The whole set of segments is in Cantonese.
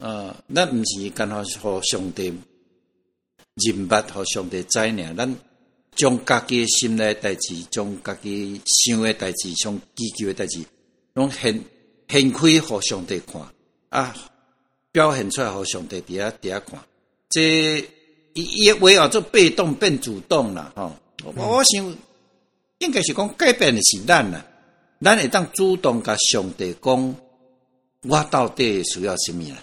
呃，咱唔是干焦向上帝認捌和上帝知呢。咱將家己的心內代志，將家己想嘅代志，將祈求嘅代志，攏獻獻開向上帝看啊，表現出來向上帝佇遐佇遐看，這也也叫做被動變主動啦吼。嗯、我想應該是講改變的是咱啦，咱會當主動甲上帝講，我到底需要啥物啊。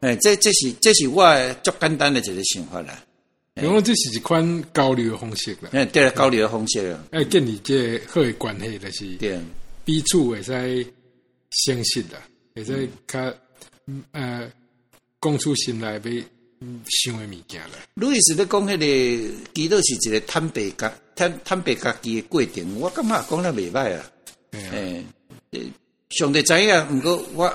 誒，即即是即是我最簡單嘅一個想法啦。因為這是一款交流方式啦。誒，對，交流的方式。誒，建立即個好以關係就是，呃、買買買就是一彼此會使相識啦，會使係佢誒，講出心來，咪想嘅物件啦。路易斯在講迄個其實是一個坦白家，坦坦白家己嘅過程，我感覺講得未壞啊。誒、欸，誒，上帝知影毋過我。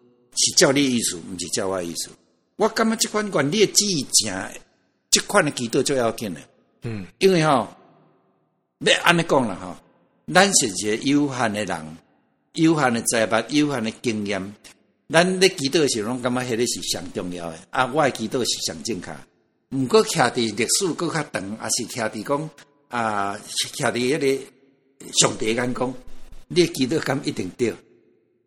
是照你的意思，毋是照我的意思。我感覺即款觀念至正，即款的祈禱最要緊嘞。嗯，因為吼要安尼講啦吼，咱是一個有限嘅人，有限嘅財富，有限嘅經驗。咱咧祈禱誒時陣攏感覺迄個是上重要誒啊，我嘅祈禱是上正確。毋過倚佇歷史，閣較長，還是倚佇講啊，倚佇迄個上帝眼光，你嘅祈禱敢一定對？